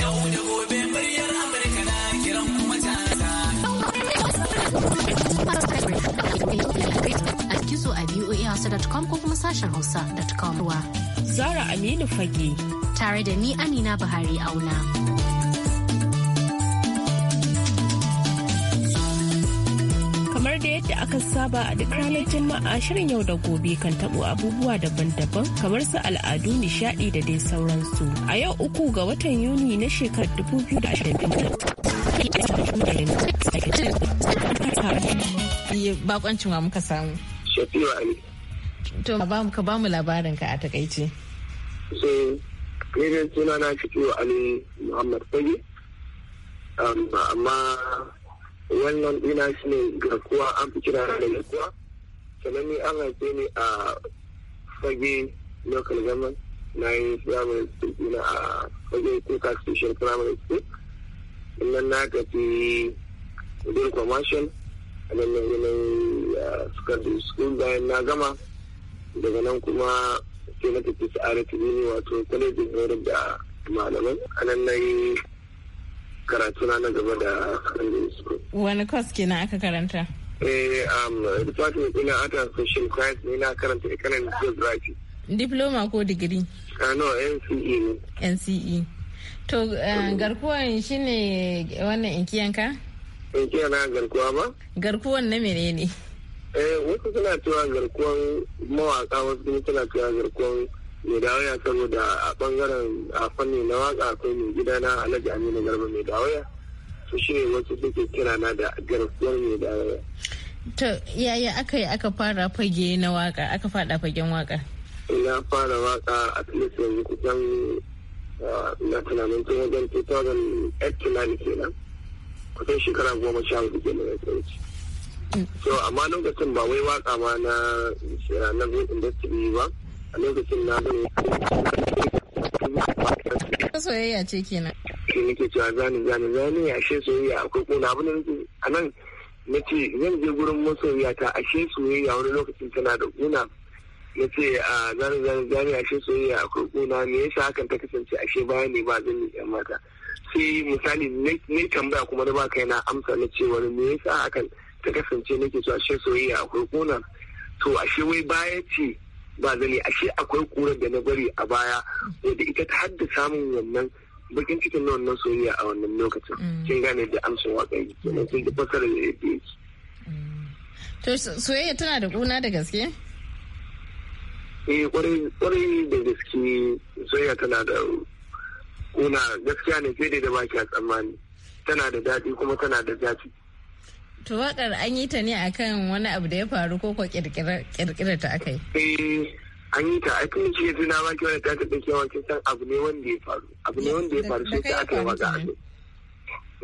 Yau da gobe muryar Amurka na kiran kuma A kizo a voahausa.com ko kuma sashen hausa.com ruwa. Zara Aminu Fage. Tare da ni Amina Buhari Auna. da yadda aka saba a duk ranar Juma'a shirin yau da gobe kan tabo abubuwa daban-daban kamar su al'adu, nishadi da dai sauransu. A yau uku ga watan Yuni na shekarar 2025. Bakoncin wa muka samu. Shafiwa ne. To ka ba mu labarin ka a takaice. So, ni suna na Shafiwa Ali Muhammad Fage. Amma wannan ina shi ne garkuwa an fi kira da garkuwa sannan ni an haife ni a fage local government na yi primary school a fage kuka station primary school sannan na gafi udin commercial a nan yanayin ah, secondary school bayan na gama daga nan kuma sai na tafi sa'adatu ne wato college of da malaman a nan na yi karatu na gaba da wani kwas Wani na aka karanta? Eh, am um, department ina art and social science ne na karanta economic geography. Diploma ko digiri? Ah, no, NCE ne. NCE. To, uh, garkuwan shine wannan inkiyan ka inkiyan na garkuwa ba? Garkuwan na menene? Eh, wasu suna cewa garkuwan mawaka, wasu suna cewa garkuwan mai dawaya saboda a bangaren a fanni na waka akwai mai gida na alhaji aminu garba mai dawaya su shi ne wasu suke kira na da garkuwar mai dawaya. to yaya aka yi aka fara fage na waka aka fada fagen waka. na fara waka a tilis yanzu kusan na tunanin tun wajen 2008 kenan kusan shekara goma sha hudu ke ya mm. tsarki. so amma lokacin ba wai waka ma na na industry ba. a lokacin na ne soyayya ce kenan shi nake cewa zani zani zani ashe soyayya akwai kuna abu ne a nan na ce zan je gurin masoyiya ta ashe soyayya wani lokacin tana da kuna na ce a ah, zani zani zani ashe soyayya akwai kuna me yasa hakan ta kasance ashe baya ne ba zan yi mata sai misali ne tambaya kuma na ba kaina amsa na cewa me yasa hakan ta kasance nake so ashe soyayya akwai kuna to a she wai baya ce ba zane ashe akwai kurar da na bari a baya wadda ita ta haddasa min wannan bakin cikin na wannan soyayya a wannan lokacin mm. kin gane da amshin waƙa kenan sai da fasara da yadda yake mm. to soyayya tana da kuna da gaske eh kwarai da gaske soyayya tana da ƙuna gaskiya ne sai da baki a tsammani tana da daɗi kuma tana da zafi To wakar an yi ta ne akan wani abu da ya faru ko ko kirkirar ta yi? Eh an yi ta a ne ce tuna ma ki wani ta ta dake wani san abu ne wanda ya faru abu ne wanda ya faru sai ta aka yi waka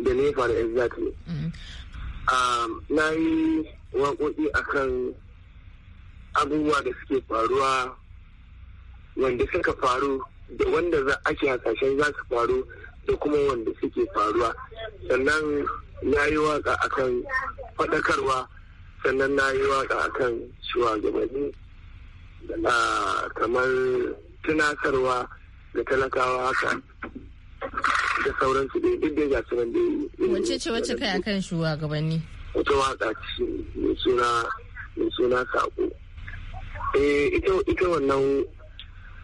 da ne ya faru exactly. Mm. Um, na yi waƙoƙi akan abubuwa da suke faruwa wanda suka faru da wanda ake hasashen za su faru da kuma wanda suke faruwa sannan na yi waka akan faɗakarwa sannan na yi waka akan shugabanni kamar tunatarwa da talakawa haka da sauransu dai duk da gasu nan yi wace ce wacce kai akan shugabanni wata waka ce mai suna mai suna sako eh, ita ita wannan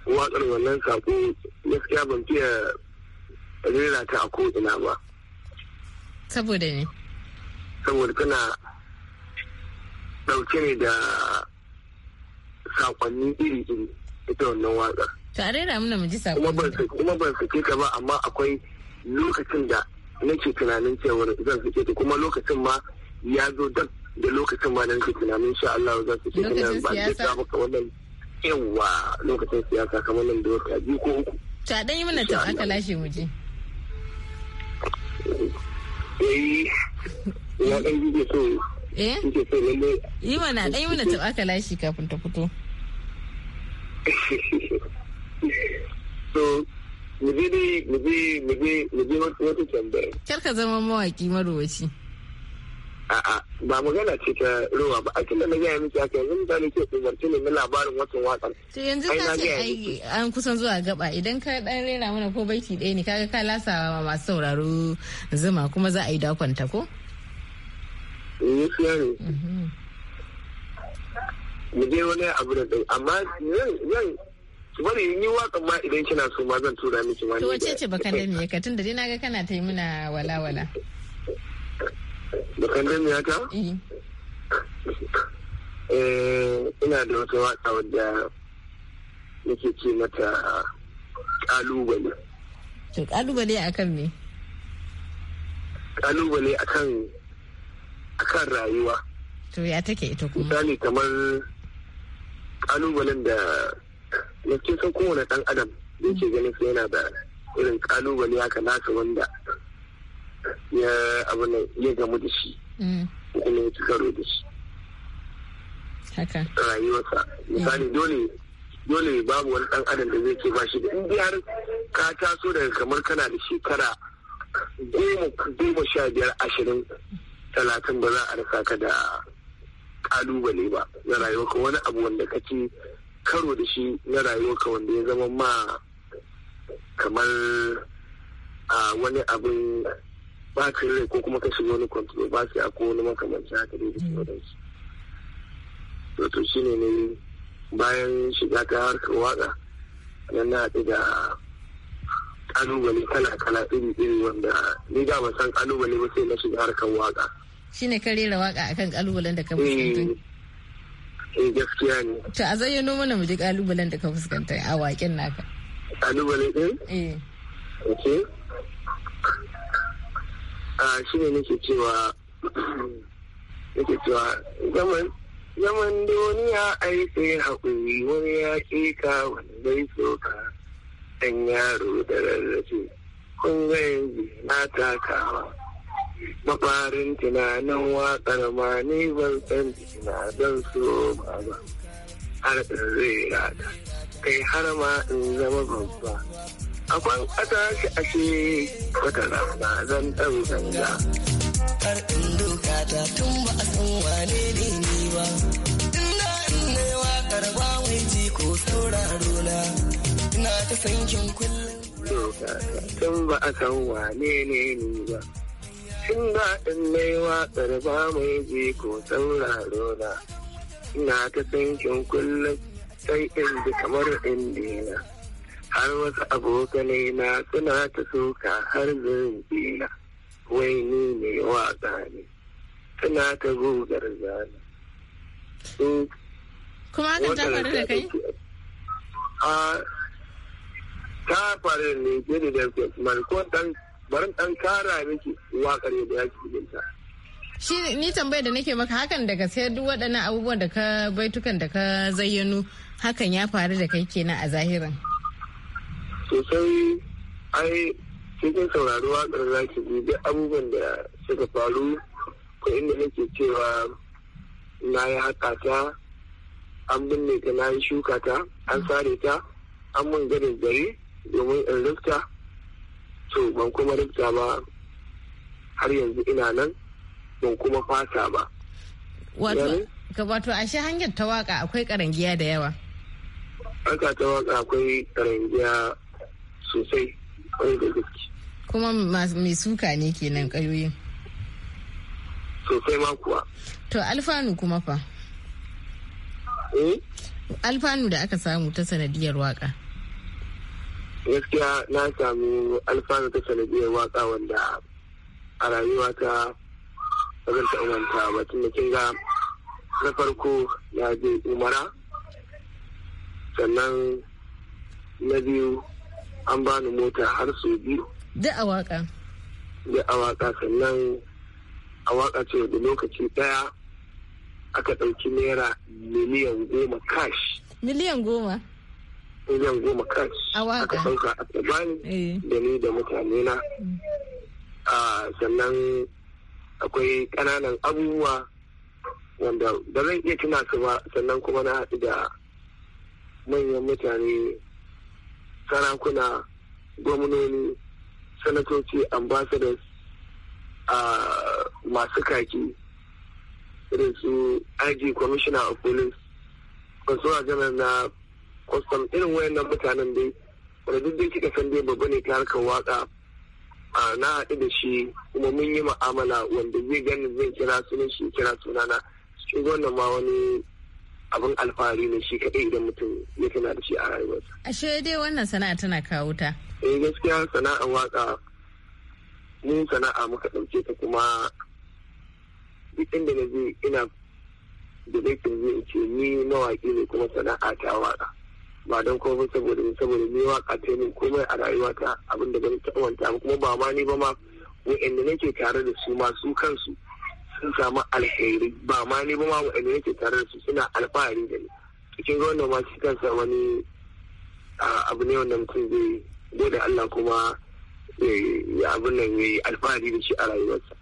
wakar wannan sako gaskiya ban fiye rera ta a ina ba saboda ne saboda tana dauke ne da sakonni iri-iri ita wannan waka tare da muna mu ji sakonni kuma ban sake ka ba amma akwai lokacin da nake tunanin cewar zan sake ta kuma lokacin ma ya zo dab da lokacin ma nake tunanin sha Allah zan sake ta nan ba da ta maka wannan yawa lokacin siyasa kamar nan da wata biyu ko uku ta dan yi mana ta aka lashe mu je ya dan yi so eh so lalle yi mana dan yi mana lashi kafin ta fito so mu je mu je mu je mu je wata tambaya kar ka zama mawaki marowaci a'a ba magana ce ta rowa ba akin da na gaya miki haka yanzu mutane ke kubarci ne na labarin watan wakar to yanzu ka ce ai an kusan zuwa gaba idan ka dan rera mana ko baiti ɗaya ne kaga ka lasa masu sauraro zuma kuma za a yi dakonta ko eh, gaskiya ne mhm. mu je wani abu da dai amma zan bari in yi wakan ma idan kina so ma zan tura miki ma to wace ce baka da me ka tunda dai naga kana ta yi muna wala wala da kallon ya ta? ina da wata waka wadda nake ce mata kalubale. To kalubale a kan me? Kalubale a kan rayuwa. To ya take ita kuma? Misali kamar kalubalen da na san kowane ɗan adam da yake ganin sai yana da irin kalubale haka nasa wanda ya ne ya gamu da shi mm. kuma ya ci karo da shi rayuwarsa misali dole dole babu wani dan adam da zai ke ba shi da in ka taso daga kamar kana da shekara goma sha biyar ashirin talatin ba za a rasa ka da kalubale ba na rayuwarka wani abu wanda ka karo da shi na rayuwarka wanda ya zama ma kamar a ah, wani abin ba ka yi ko kuma ka shiga wani control ba ka ko kowane makamanci haka dai da sauransu wato shi ne ne bayan shiga ta harkar waka nan na haɗu da ƙalubale kala kala iri iri wanda ni da ba san ƙalubale ba sai na shiga harkar waka ne ka rera waka akan ƙalubalen da ka eh, fuskanta eh gaskiya ne to a zayyano mana mu ji ƙalubalen da ka fuskanta a waken naka Ƙalubale ɗin? eh okay shi ne nake cewa nake cewa zaman zaman duniya ai sai haƙuri wani ya ƙi ka wani bai so ka ɗan yaro da rarrafe kun ga yanzu na takawa mafarin tunanin waƙar ma ne ban san na don so ba ba har zai rata kai har ma in zama babba akwai ƙasa shi ashe wata rana zan ɗau zanga. Kar in doka ta tun ba a san wane ne ni ba. Ina ina waƙar ba wai ji ko sauraro na. Ina ta sankin kullum. Doka ta tun ba a san wane ne ni ba. Tun da in mai waƙar ba mai ji ko sauraro na. Ina ta sankin kullum sai in bi kamar in dina. har wasu abokanai na suna ta soka har zan wai ni ne wa ne suna ta gogar zana eh, kuma hakan ta faru da kai a ta faru da ne ke da man ko dan barin dan kara miki waƙar yadda ya ke ta shi ni tambayar da nake maka hakan da gaske duk waɗannan abubuwan da ka baitukan da ka zayyano hakan ya faru da kai kenan a zahirin sosai ai cikin saurari waƙar za ki ji duk abubuwan da suka faru ko inda nake cewa na yi haƙa ta an binne ta na yi shuka ta an sare ta an mun gadin gari domin in rikta to ban kuma rikta ba har yanzu ina nan ban kuma fata ba wato ashe hanyar ta waka akwai karangiya da yawa haka ta waka akwai karangiya sosai da gaske kuma mai suka ne kenan ƙayoyin sosai ma kuwa to alfanu kuma fa eh alfanu da aka samu ta sanadiyar waka gaskiya na samu alfanu ta sanadiyar waka wanda a rayuwa ta zan ta umanta ba tun da kin ga na farko na je umara sannan na biyu an bani mota har sau biyu da awaka da awaka sannan awaka ce da lokaci daya aka ɗauki naira miliyan goma cash miliyan goma miliyan goma cash aka sauka a bani eh. da ni da mutane na mm. ah, sannan akwai ƙananan abubuwa wanda ba zan iya tuna su ba sannan kuma na haɗu da manyan mutane sarakuna gwamnoni sanatoci ambassadors a masu kaki irin su IG commissioner of police consular general na custom irin wayannan mutanen dai wanda duk dai kika san dai babba ne ta harkar waka na haɗu da shi kuma mun yi ma'amala wanda zai gani zai kira sunan shi kira sunana cikin wannan ma wani abin alfahari ne shi kaɗai idan mutum ya tana da shi a rayuwarsa. Ashe dai wannan sana'a tana kawo ta. Eh gaskiya sana'a waka mun sana'a muka ɗauke ta kuma duk inda na je ina da zai zai ce ni mawaƙi ne kuma sana'a ta waka. Ba don kuma saboda saboda ni waka ta min komai a rayuwata abin da ban taɓa wanta kuma ba ma ni ba ma wa'anda nake tare da su masu kansu sun samu alheri ba ma ni ba ma ne yake tare da su suna alfahari da ni cikin ga wannan ma shi kansa wani abu ne wanda mutum zai gode Allah kuma ya abin nan ya yi alfahari da shi a rayuwarsa.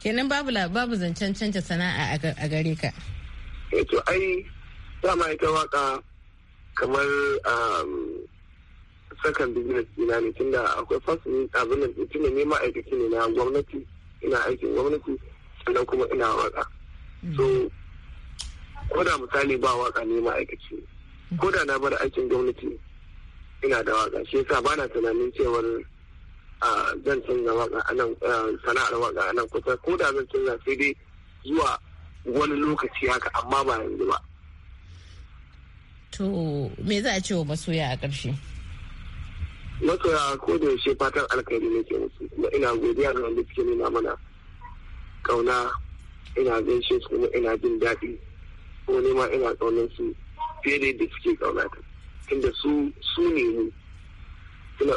kenan babu babu zancen canja sana'a a gare ka. eh to ai ma ita waka kamar um, sakan business ina ne tunda akwai fasin abin nan tunda ne ma'aikaci ne na gwamnati ina aikin gwamnati sannan kuma ina waka so ko da misali ba waka ne ma'aikaci ko da na bar aikin gwamnati ina da waka shi yasa na tunanin cewar zan canza waka anan sana'ar waka anan kusa ko da zan canza sai dai zuwa wani lokaci haka amma ba yanzu ba to me za a ce wa masoya a ƙarshe masoya ko da yaushe fatan alkhairi nake musu kuma ina godiya ga wanda suke nuna mana kauna ina gaishe su kuma ina jin daɗi ko nema ina kaunar su fiye da yadda suke kauna ta tunda su su ne mu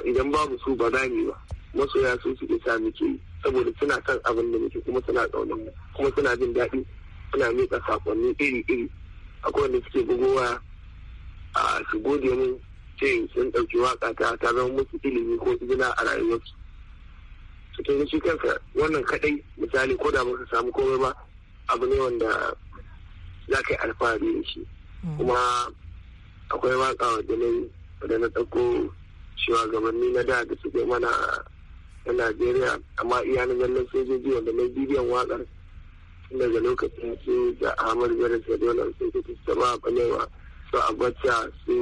idan babu su ba za ba masoya su suke sa muke yi saboda suna kan abin da muke kuma suna kaunar mu kuma suna jin daɗi suna miƙa sakonni iri-iri akwai wanda suke bugowa a su gode mun ce sun ɗauki waƙa ta ta zama musu ilimi ko gina a rayuwarsu su kin shi wannan kadai misali ko da baka samu komai ba abu ne wanda za ka yi alfahari da shi hmm. kuma akwai waka wadda na da na ɗauko na da da suke mana na najeriya amma iya na zallan sojoji wanda na bidiyon wakar daga lokacin su da ahmad garin sadona su kuka saba balewa su abacha su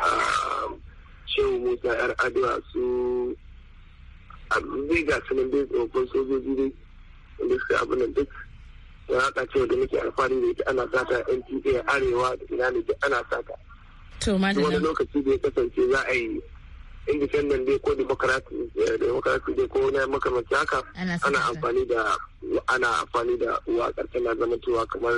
ah, shehu musa yar adua su zai ga sunan dai tsofaffin sojoji dai wanda suka abin nan duk ya haɗa cewa da muke alfahari da ita ana sata NTA arewa da ina ne duk ana sata. To madalla. Wani lokaci da kasance za a yi independent dai ko democrat eh, dai ko na makamanci haka ana amfani da ana amfani da waƙar tana zamantowa kamar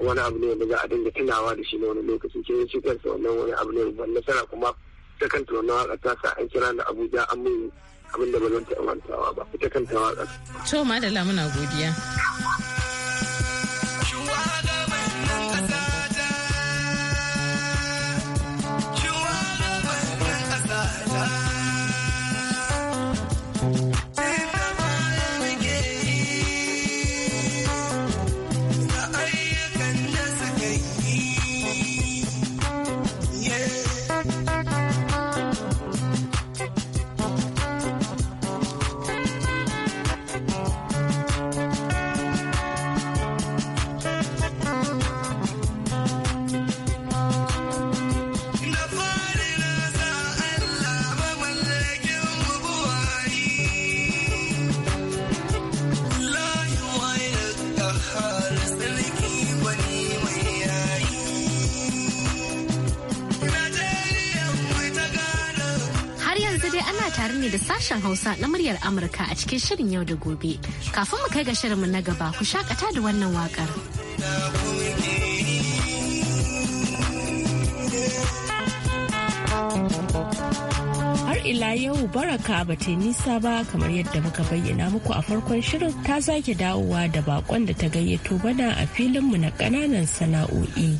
wani abu ne da za a dinga tunawa da shi na wani lokaci ke shi kansa wannan wani abu ne ban nasara kuma ta kanta wannan waƙar ta sa an kira na abuja an mun abin da ba zan taɓa mantawa ba ita kanta waƙar. To madalla muna godiya. ana tare ne da sashen Hausa na muryar Amurka a cikin shirin yau da gobe. Kafin mu kai ga shirinmu na gaba ku shakata da wannan wakar. Har ila yau baraka ba ta nisa ba kamar yadda muka bayyana muku a farkon shirin ta zaki dawowa da bakon da ta gayyato bana a filinmu na ƙananan sana'o'i.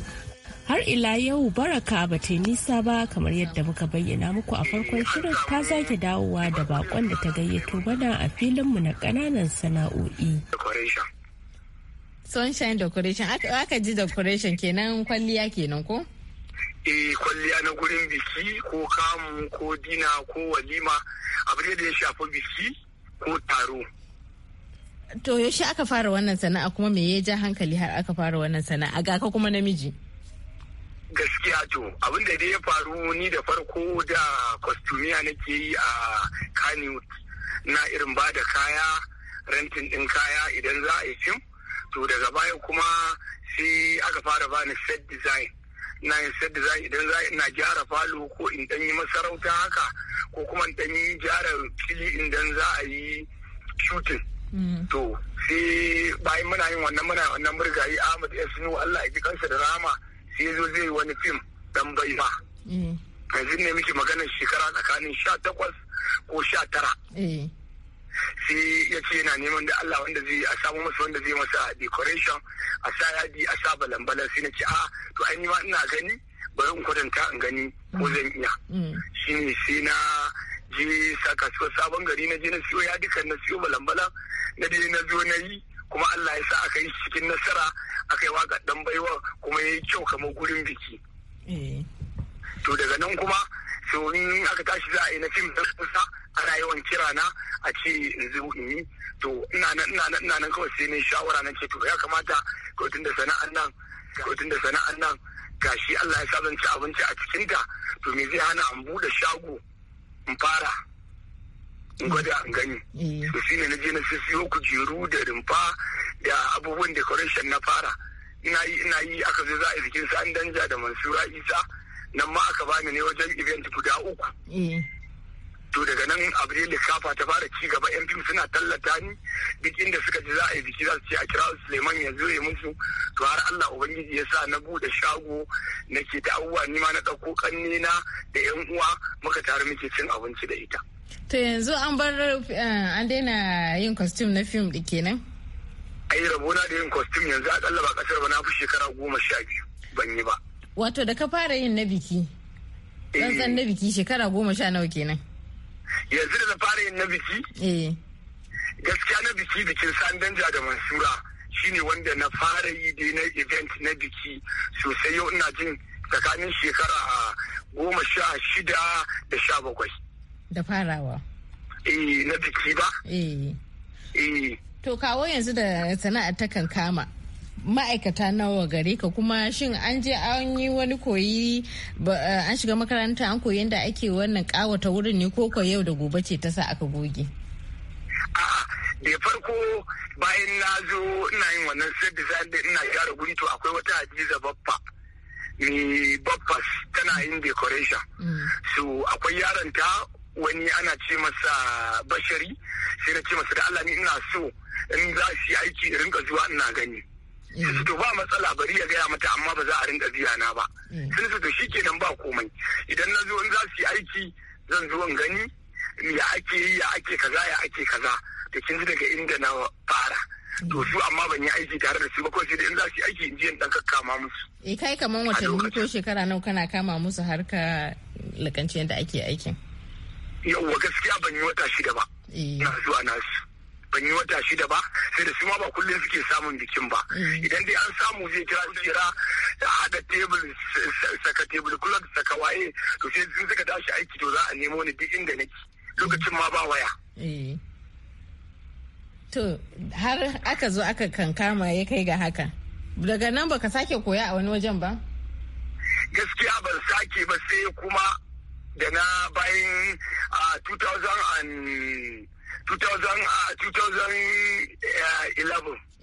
har ila yau baraka ba ta nisa ba kamar yadda muka bayyana muku a farkon shirin ta sake dawowa da bakon da ta gayyato mana a filinmu na kananan sana'o'i sunshine decoration aka ji decoration kenan kwalliya kenan ko eh kwalliya na gurin biki ko kamu ko dina ko walima abin da ya shafi biki ko taro to yaushe aka fara wannan sana'a kuma me ya ja hankali har aka fara wannan sana'a ga ka kuma namiji gaskiya to abin da dai ya faru ni da farko da kwastumiya nake yi a kani na irin ba da kaya rentin din kaya idan za a yi fim to daga baya kuma sai aka fara bani set design na yin set design idan za ina gyara falo ko in dan yi masarauta haka ko kuma in dan yi gyara fili idan za a yi shooting mm. to sai bayan muna yin wannan muna wannan murgayi Ahmad Yasinu Allah ya ji kansa da rama sai zo zai wani fim dan bai ba eh. yanzu ne muke magana shekara tsakanin sha takwas ko sha tara eh. sai ya ce yana neman da Allah wanda zai a samu masa wanda zai masa decoration a sa yadi a sa balambalan sai na ce a ah, to ai ma ina gani bari in kwatanta in gani ko mm. zan iya mm. ne sai na je sa kasuwar sabon gari na je na siyo yadikan na siyo balambalan na je na zo na yi kuma Allah ya sa aka yi cikin nasara aka yi waka dan baiwa kuma ya yi kyau kamar gurin biki eh. to daga nan kuma so in aka tashi za a yi na fim da kusa ana yawan kira na a ce zo in yi to ina nan ina nan ina nan kawai sai ne shawara na ce to ya kamata ko da sana'an nan ko da sana'an nan gashi Allah ya sa zan ci abinci a cikin ta to me zai hana an buɗe shago in fara gwada an gani eh. to shi ne na je na siyo kujeru da rumfa da abubuwan decoration na fara ina yi ina yi aka zo za a bikin sa an danja da mansura isa nan ma aka bani ne wajen event guda uku eh. to daga nan abril kafa ta fara ci gaba yan fim suna tallata ni duk inda suka ji za a yi biki za su ce a kira suleiman ya zo ya musu to har allah ubangiji ya sa na bude shago nake da abubuwa ni ma na ɗauko ƙannena da yan uwa muka tare muke cin abinci da ita To yanzu an bar eh, an daina yin costume na fim da kenan? Ai rabona da yin costume yanzu akalla ba kasar ba na fi shekara goma sha biyu ban yi ba. Wato da ka fara yin na biki? Tsantsan na biki shekara goma sha nawa kenan? Yanzu da na fara yin na biki? Eh. Gaskiya na biki bikin sandanja da mansura shine wanda na fara yi da na event na biki sosai yau ina jin tsakanin shekara goma sha shida da sha bakwai. da farawa eh na biki ba eh eh to kawo yanzu da sana'ar ta kan kama ma'aikata nawa gare ka kuma shin an je an yi wani koyi eh, an shiga makaranta an koyi yadda ake wannan kawata wurin ne ko yau da gobe ce ta sa aka goge da farko bayan na zo ina yin wannan set da ina gyara guri to akwai wata hadiza babba ni eh, babbas tana yin decoration mm. so akwai yaranta. wani ana ce masa bashari sai na ce masa da Allah ni ina so in za su yi aiki rinka zuwa ina gani sai to ba matsala bari ya gaya mata amma ba za a rinka biya na ba mm. sai su to kenan ba komai idan na zo in za su yi aiki zan zo in gani ya ake yi ya ake kaza ya ake kaza Da kin ji daga inda na fara mm. to su amma ban yi aiki tare da su ba kawai sai da in za su yi aiki in jiya in dan kakkama musu eh kai kaman watanni ko shekara nawa kana kama musu harka lakanci yadda ake aikin yawwa gaskiya ban yi wata shida ba eh. na zuwa nasu ban yi wata shida ba sai da su ma ba kullum suke samun bikin ba eh. idan dai an samu zai kira jira da hada tebul saka tebul kula da saka waye to sai sun suka tashi aiki to za a nemo ni duk inda nake lokacin ma ba waya eh. to har aka zo aka kankama ya kai ga haka daga nan baka sake koya a wani wajen ba gaskiya ban sake ba sai kuma da na bayan 2011 2011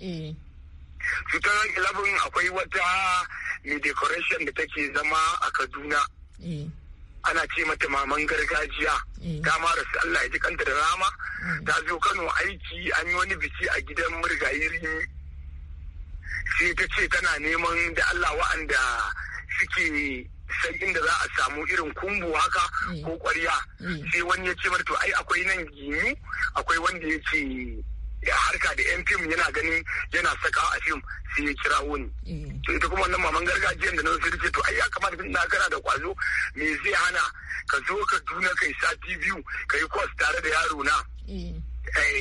eh, eh. akwai wata mai decoration da take zama a kaduna eh. ana ce mata maman gargajiya ta mara su Allah ya ji kanta da rama ta zo Kano aiki an yi wani biki a gidan murgayiri sai ta ce tana neman da Allah wa'anda suke sai inda za a samu irin kumbu haka eh. ko kwarya eh. sai wani ya ce to ai akwai nan gini akwai wanda ya ce harka da yan fim yana ganin yana saka a fim sai ya kira wuni eh. to ita kuma wannan maman gargajiyar da na sai ce to ai ya kamata tun na kana da kwazo me zai hana ka zo ka duna kai sati biyu ka yi kwas tare da yaro na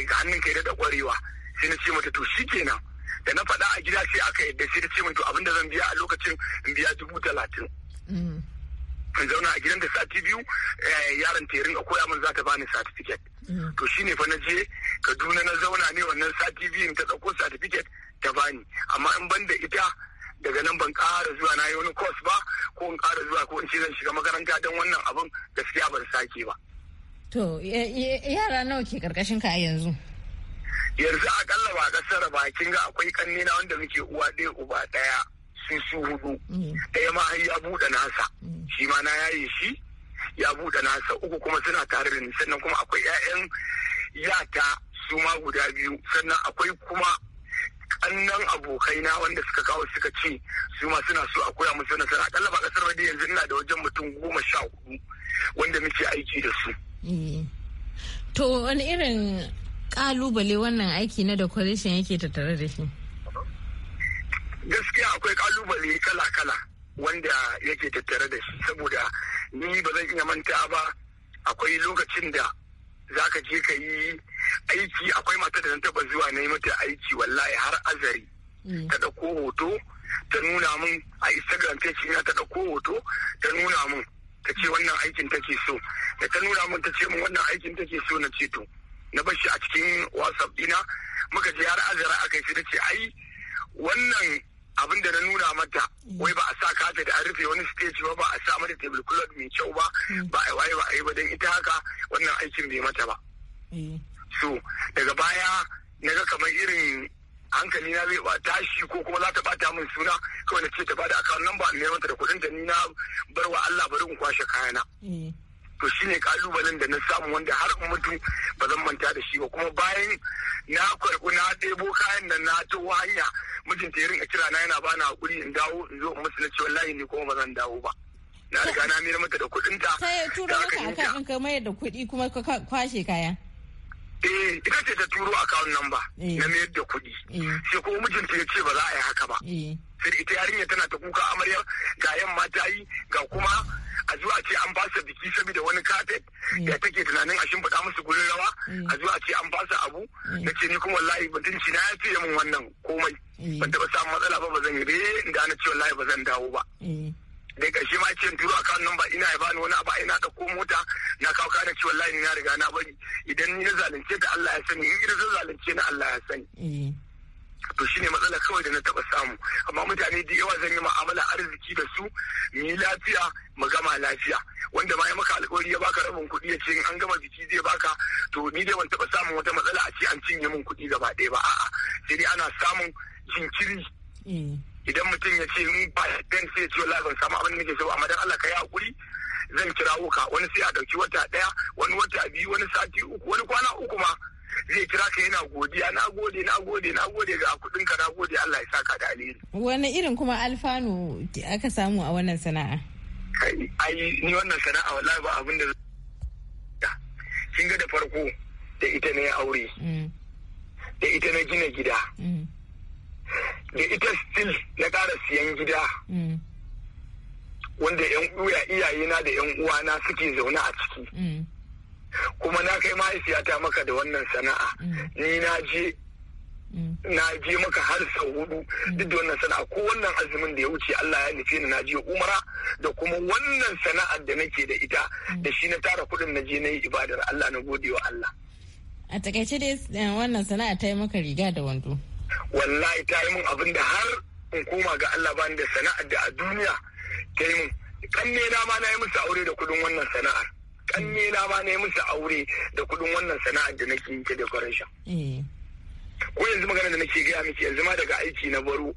ga hannun kai da kwarewa sai na ce mata to shi shikenan da na faɗa a gida sai aka yadda sai ta ce min to abin da zan biya a lokacin in biya dubu talatin in zauna a gidan da sati biyu eh, yaron terin a koya min za ta bani satifiket. to shine fa na je kaduna na zauna ne wannan sati biyun ta ɗauko satifiket ta bani amma in ban da ita daga nan ban ƙara zuwa na yi wani course ba ko in ƙara zuwa ko in ce zan shiga makaranta don wannan abin gaskiya ban sake ba. to yara nawa ke karkashin ka a yanzu. yanzu akalla ba a kasar ba kin ga akwai kannina wanda muke uwa ɗaya uba ɗaya. sun su hudu mm. ɗaya ma ya buɗe nasa mm. shi ma na yaye shi ya buɗe nasa uku kuma suna tare da ni sannan kuma akwai 'ya'yan yata su ma guda biyu sannan akwai kuma ƙannan abokai na wanda suka kawo suka ce su ma suna so a koya musu wannan sana'a ƙalla ba kasar ba yanzu ina da wajen mutum goma sha hudu wanda muke aiki da su. Mm. To wani irin kalubale wannan aiki na decoration yake tattare da shi? hankali kala-kala wanda yake tattare da shi saboda ni ba zan iya manta ba akwai lokacin da za ka je ka yi aiki akwai mata da na taba zuwa na yi mata aiki wallahi har azari mm. ta ɗauko hoto ta nuna min a instagram ta ce ta ɗauko hoto ta nuna min ta ce wannan aikin take so da ta nuna min ta ce min wannan aikin take so na ce to na bashi a cikin whatsapp dina muka je har azara aka yi ta ce ai wannan abin da na nuna mata wai ba a sa kafet a rufe wani stage ba ba a sa mata table cloth mai kyau ba mm. ba a waye ba a yi ba don ita haka wannan aikin bai mata ba eh. so daga baya na ga kamar irin hankali na zai ba tashi ko kuma za ta bata min suna kawai na ce ta ba bada account number ne mata da kuɗin da ni na barwa Allah bari in kwashe kayana eh. to shi ne kalubalen da na samu wanda har in mutu ba zan manta da shi ba kuma bayan na karɓi na ɗebo kayan nan na to hanya mijin ta rinka kira na yana bani hakuri in dawo in zo in musu na ce wallahi ne kuma ba zan dawo ba na riga na miyar mata da kuɗin ta sai ya tura maka akan ka mayar da kuɗi kuma ka kwashe kaya eh ita ce ta turo akawun nan ba na mayar da kuɗi eh. sai kuma mijinta ya ce ba za a yi haka ba eh. sai ita yarinya tana ta kuka amaryar ga 'yan ta yi ga kuma a zuwa ce an ba su biki saboda wani kafet mm. da take tunanin a shimfiɗa musu gurin rawa mm. a zuwa ce an ba su abu mm. na ce ni kuma wallahi mutunci na ya fiye min wannan komai ban taɓa samu matsala ba ba zan yi da na ce wallahi ba zan dawo ba. da ƙarshe ma ce turo a kan ba ina ya bani wani abu ina ɗauko mota na kawo kana ce wallahi ni na riga na bari idan ni na zalunce da Allah ya sani in zan zalunce na Allah ya sani. to shine matsala kawai da na taba samu amma mutane da yawa zan yi ma'amala arziki da su ni lafiya mu gama lafiya wanda ma ya maka alƙawari ya baka rabin kuɗi ya ce in an gama biki zai baka to ni dai ban taba samun wata matsala a ce an cinye min kuɗi gaba ɗaya ba a'a sai dai ana samun jinkiri eh. idan mutum ya ce in ba dan sai ya ce wallahi ban samu abin da nake so amma dan Allah ka yi hakuri zan kirawo ka wani sai a ɗauki wata ɗaya wani wata biyu wani sati uku wani kwana uku ma zai kira ka yana godiya na gode na gode na gode ga kudin ka na gode Allah ya saka da alheri wani irin kuma alfanu aka samu a wannan sana'a ai ni wannan sana'a wallahi ba abin da kin ga da farko da ita ne aure mm. da ita na gina gida mm. da ita still na ƙara siyan gida mm. wanda yan uwa iyayena da yan na suke zaune a ciki kuma na kai mahaifiyata maka da wannan sana'a mm. ni na je mm. na je maka har sau hudu mm. duk da wannan sana'a ko wannan azumin da ya wuce Allah ya nufi ni na je umara da kuma wannan sana'ar da nake da ita da shi na tara kudin na je na yi ibadar Allah na gode wa Allah a takaice dai eh, wannan sana'a ta yi maka riga da wando wallahi ta yi min abin da har in koma ga Allah bani da sana'ar da a duniya ta yi min kanne na ma na yi musu aure da kudin wannan sana'ar kanne na ma ne musu aure da kuɗin wannan sana'ar da nake yi ta decoration eh. ko yanzu magana da nake gaya miki yanzu ma daga aiki na baro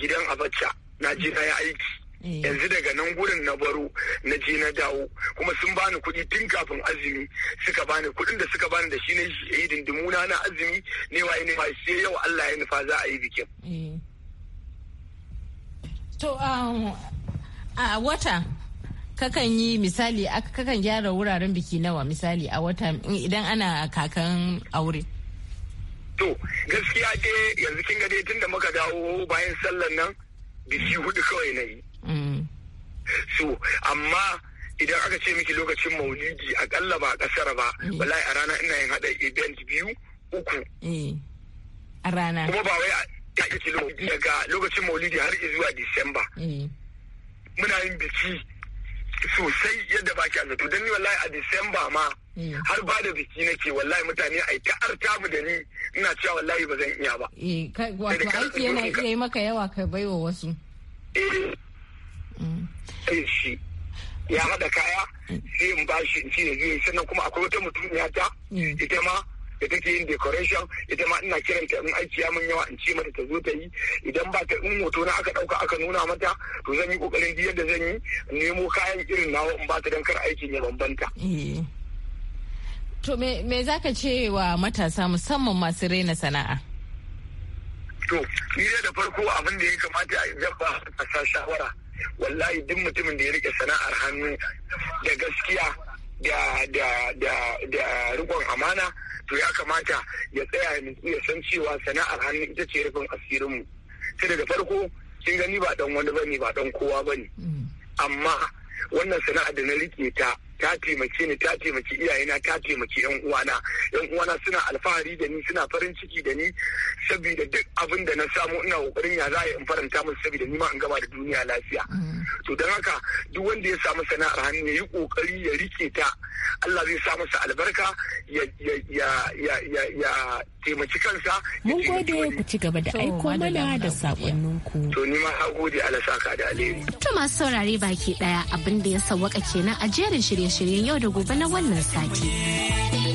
gidan abacha na je na yi aiki eh. yanzu daga nan gurin na baro na je na dawo kuma sun bani kuɗi tun kafin azumi suka bani kuɗin da suka bani da shi ne yi dindimuna na azumi ne wa ne ma sai yau Allah ya nufa za a yi bikin eh. to um, a wata kakan yi misali kakan gyara wuraren biki nawa misali a wata idan ana kakan aure to gaskiya ke yanzu kin gade tun tunda muka dawo bayan sallan nan biki hudu kawai na yi mm. so amma idan aka ce miki lokacin maulidi akalla ba a kasar ba eh. wallahi a rana ina yin hada event biyu uku eh. a rana kuma ba wai a daga lokacin maulidi har zuwa disamba eh. muna yin biki sosai yadda ba ki zato don ni wallahi a disamba ma mm. har ba da biki nake wallahi mutane ai ta mu da ni ina cewa wallahi ba zan iya ba eh, wato aiki yana iya yi maka yawa ka baiwa wasu eh. mm. shi ya haɗa kaya mm. sai in ba shi in ce ya sannan kuma akwai wata mutum ya ta ita ma da take yin decoration ita ma ina kiranta in aiki ya mun yawa in ce mata ta zo ta yi idan ba ta in hoto na aka dauka aka nuna mata to zan yi kokarin giya da zan yi nemo kayan irin nawa in ba ta dan kar aikin ya bambanta eh. to me za ka ce wa matasa musamman masu raina sana'a to ni da farko abin da ya kamata a ba a sa shawara wallahi duk mutumin da ya rike sana'ar hannu da gaskiya da da da da rikon amana to ya kamata ya tsaya ya san cewa sana'ar hannu ita ce rufin asirinmu sai daga farko kin gani ba dan wani bane ba dan kowa bane mm. amma wannan sana'ar da na rike ta ta taimake ni ta taimaki iyayena ta taimaki yan uwana yan uwana suna alfahari da ni suna farin ciki da ni saboda duk abin da na samu ina kokarin ya za a in faranta musu saboda ni ma in gaba da duniya lafiya mm. to don haka duk wanda ya samu sana'ar hannu ya yi kokari ya rike ta Allah zai sa masa albarka ya taimaki kansa mun gode ku ci gaba da aiko mana da sakonninku to ni ma ha gode Allah saka da alheri to masu saurare baki daya abin da ya sawwaka kenan a jerin shirye shirye-shiryen yau da gobe na wannan sati.